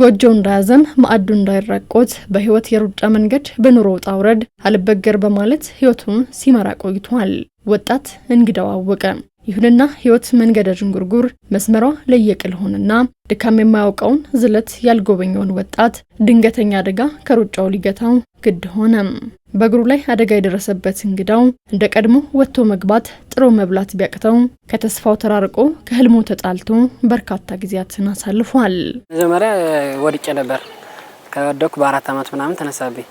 ጎጆ እንዳያዘም ማዕዱ እንዳይራቆት በህይወት የሩጫ መንገድ በኑሮ ውጣ ውረድ አልበገር በማለት ህይወቱን ሲመራ ቆይቷል። ወጣት እንግዳው አወቀ ይሁንና ህይወት መንገደ ዥንጉርጉር መስመሯ ለየቅ ልሆንና ድካም የማያውቀውን ዝለት ያልጎበኘውን ወጣት ድንገተኛ አደጋ ከሩጫው ሊገታው ግድ ሆነ። በእግሩ ላይ አደጋ የደረሰበት እንግዳው እንደ ቀድሞ ወጥቶ መግባት፣ ጥሮ መብላት ቢያቅተው ከተስፋው ተራርቆ ከህልሙ ተጣልቶ በርካታ ጊዜያትን አሳልፏል። መጀመሪያ ወድቄ ነበር። ከወደኩ በአራት ዓመት ምናምን ተነሳብኝ።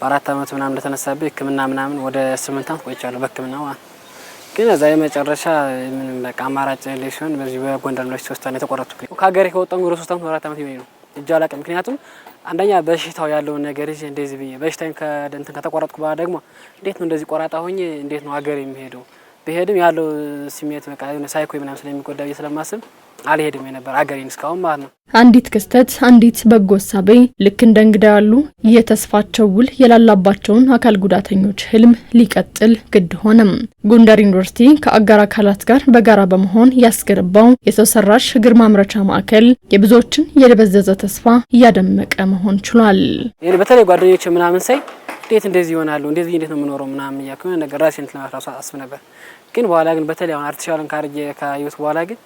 በአራት ዓመት ምናምን እንደተነሳብኝ ህክምና ምናምን ወደ ስምንት ዓመት ቆይቻለሁ በህክምና ግን እዛ የመጨረሻ ምንም በቃ አማራጭ ላይ ሲሆን በዚህ በጎንደር ነው ውስጥ ነው የተቆረጥኩ። ከሀገሬ ከወጣሁ ወደ ሶስት ዓመት አራት ዓመት ይበኝ ነው እጅ አላውቅም። ምክንያቱም አንደኛ በሽታው ያለውን ነገር ይዤ እንደዚህ ብዬ በሽታዬን ከእንትን ከተቆረጥኩ በኋላ ደግሞ እንዴት ነው እንደዚህ ቆራጣ ሆኜ እንዴት ነው ሀገር የሚሄደው ብሄድም ያለው ስሜት በቃ ሳይኮ ምናምን ስለሚጎዳ ብዬ ስለማስብ አልሄድም የነበር አገሬን እስካሁን ማለት ነው። አንዲት ክስተት አንዲት በጎ ሳቤ ልክ እንደ እንግዳ ያሉ የተስፋቸው ውል የላላባቸውን አካል ጉዳተኞች ህልም ሊቀጥል ግድ ሆነም። ጎንደር ዩኒቨርሲቲ ከአጋር አካላት ጋር በጋራ በመሆን ያስገነባው የሰው ሰራሽ እግር ማምረቻ ማዕከል የብዙዎችን የደበዘዘ ተስፋ እያደመቀ መሆን ችሏል። በተለይ ጓደኞች ምናምን ሳይ እንዴት እንደዚህ ይሆናሉ እንደዚህ እንዴት ነው የምኖረው ምናምን እያ ነገር ራሴን ለማፍራት አስብ ነበር። ግን በኋላ ግን በተለይ አሁን አርቲፊሻልን ካርጌ ከህይወት በኋላ ግን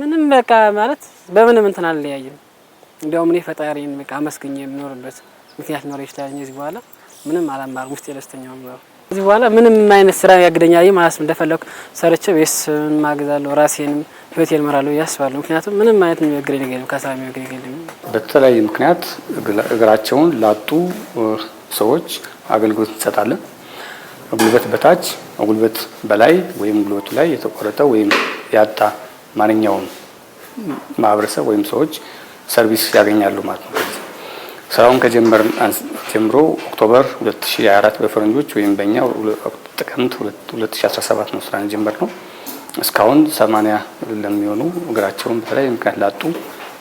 ምንም በቃ ማለት በምንም እንትን አልለያየም። እንዲያውም እኔ ፈጣሪን በቃ አመስግኝ የምኖርበት ምክንያት ኖር ይችላል። እዚህ በኋላ ምንም አላማርም ውስጥ የደስተኛው ነው። እዚህ በኋላ ምንም አይነት ስራ ያግደኛል ማለት እንደፈለኩ ሰርቼ ቤስ ማግዛለሁ፣ ራሴንም ህይወት እመራለሁ ያስባለሁ። ምክንያቱም ምንም አይነት የሚወግደኝ ነገር የለም፣ ከስራ የሚወግደኝ ነገር የለም። በተለያየ ምክንያት እግራቸውን ላጡ ሰዎች አገልግሎት እንሰጣለን። ጉልበት በታች ጉልበት በላይ ወይም ጉልበቱ ላይ የተቆረጠ ወይም ያጣ ማንኛውም ማህበረሰብ ወይም ሰዎች ሰርቪስ ያገኛሉ ማለት ነው። ስራውን ከጀመር ጀምሮ ኦክቶበር 2024 በፈረንጆች ወይም በእኛ ጥቅምት 2017 ነው ስራን ጀመር ነው። እስካሁን 80 ለሚሆኑ እግራቸውን በተለያየ ምክንያት ላጡ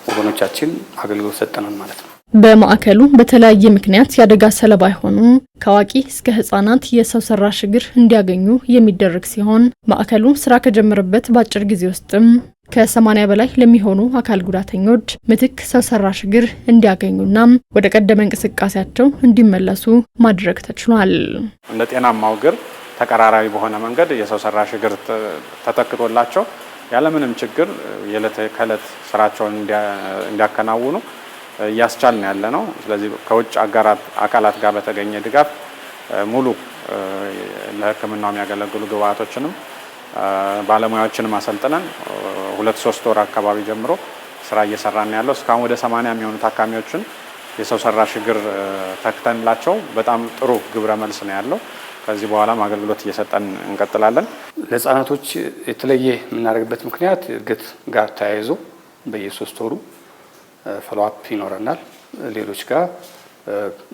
ወገኖቻችን አገልግሎት ሰጠናል ማለት ነው። በማዕከሉ በተለያየ ምክንያት የአደጋ ሰለባ ይሆኑ ከአዋቂ እስከ ህጻናት የሰው ሰራሽ እግር እንዲያገኙ የሚደረግ ሲሆን ማዕከሉ ስራ ከጀመረበት በአጭር ጊዜ ውስጥም ከ80 በላይ ለሚሆኑ አካል ጉዳተኞች ምትክ ሰው ሰራሽ እግር እንዲያገኙና ወደ ቀደመ እንቅስቃሴያቸው እንዲመለሱ ማድረግ ተችሏል። እንደ ጤናማው እግር ተቀራራቢ በሆነ መንገድ የሰው ሰራሽ እግር ተተክቶላቸው ያለምንም ችግር የዕለት ከዕለት ስራቸውን እንዲያከናውኑ ነው ያለ ነው። ስለዚህ ከውጭ አጋራት አካላት ጋር በተገኘ ድጋፍ ሙሉ ለሕክምናው የሚያገለግሉ ግብአቶችንም ባለሙያዎችንም አሰልጥነን ሁለት ሶስት ወር አካባቢ ጀምሮ ስራ እየሰራን ያለው እስካሁን ወደ ሰማንያ የሚሆኑ ታካሚዎችን የሰው ሰራሽ እግር ተክተንላቸው በጣም ጥሩ ግብረ መልስ ነው ያለው። ከዚህ በኋላም አገልግሎት እየሰጠን እንቀጥላለን። ለህጻናቶች የተለየ የምናደርግበት ምክንያት እድገት ጋር ተያይዞ በየሶስት ወሩ ፎሎአፕ ይኖረናል። ሌሎች ጋር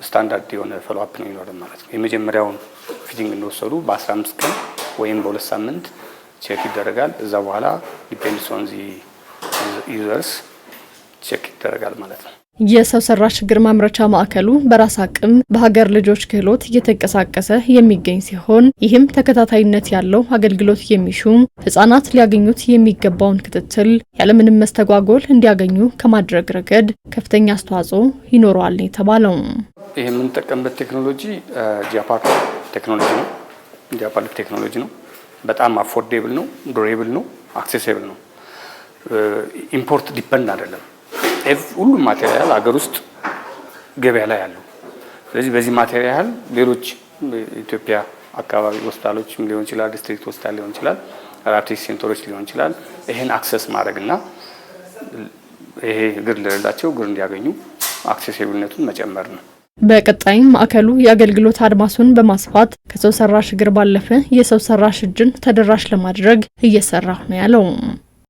ስታንዳርድ የሆነ ፎሎአፕ ነው ይኖረን ማለት ነው። የመጀመሪያውን ፊቲንግ እንደወሰዱ በ15 ቀን ወይም በሁለት ሳምንት ቼክ ይደረጋል። እዛ በኋላ ዲፔንድስ ኦን ዩዘርስ ቼክ ይደረጋል ማለት ነው። የሰው ሰራሽ ችግር ማምረቻ ማዕከሉ በራስ አቅም በሀገር ልጆች ክህሎት እየተንቀሳቀሰ የሚገኝ ሲሆን ይህም ተከታታይነት ያለው አገልግሎት የሚሹ ህጻናት ሊያገኙት የሚገባውን ክትትል ያለምንም መስተጓጎል እንዲያገኙ ከማድረግ ረገድ ከፍተኛ አስተዋጽኦ ይኖረዋል ነው የተባለው። ይህ የምንጠቀምበት ቴክኖሎጂ ጃፓክ ቴክኖሎጂ ነው። ጃፓክ ቴክኖሎጂ ነው። በጣም አፎርዴብል ነው፣ ዱሬብል ነው፣ አክሴሴብል ነው። ኢምፖርት ዲፐንድ አይደለም። ሁሉም ማቴሪያል ሀገር ውስጥ ገበያ ላይ አለው። ስለዚህ በዚህ ማቴሪያል ሌሎች ኢትዮጵያ አካባቢ ሆስፒታሎችም ሊሆን ይችላል፣ ዲስትሪክት ሆስፒታል ሊሆን ይችላል፣ ራፕቲክ ሴንተሮች ሊሆን ይችላል። ይሄን አክሰስ ማድረግና ይሄ እግር ለሌላቸው እግር እንዲያገኙ አክሴሲብልነቱን መጨመር ነው። በቀጣይም ማዕከሉ የአገልግሎት አድማሱን በማስፋት ከሰው ሰራሽ እግር ባለፈ የሰው ሰራሽ እጅን ተደራሽ ለማድረግ እየሰራ ነው ያለው።